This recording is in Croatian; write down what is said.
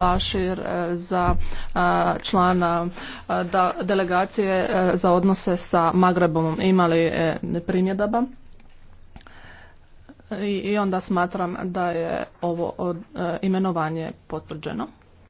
Bašir e, za e, člana e, delegacije za odnose sa Magrebom imali primjedaba i onda smatram da je ovo imenovanje potvrđeno.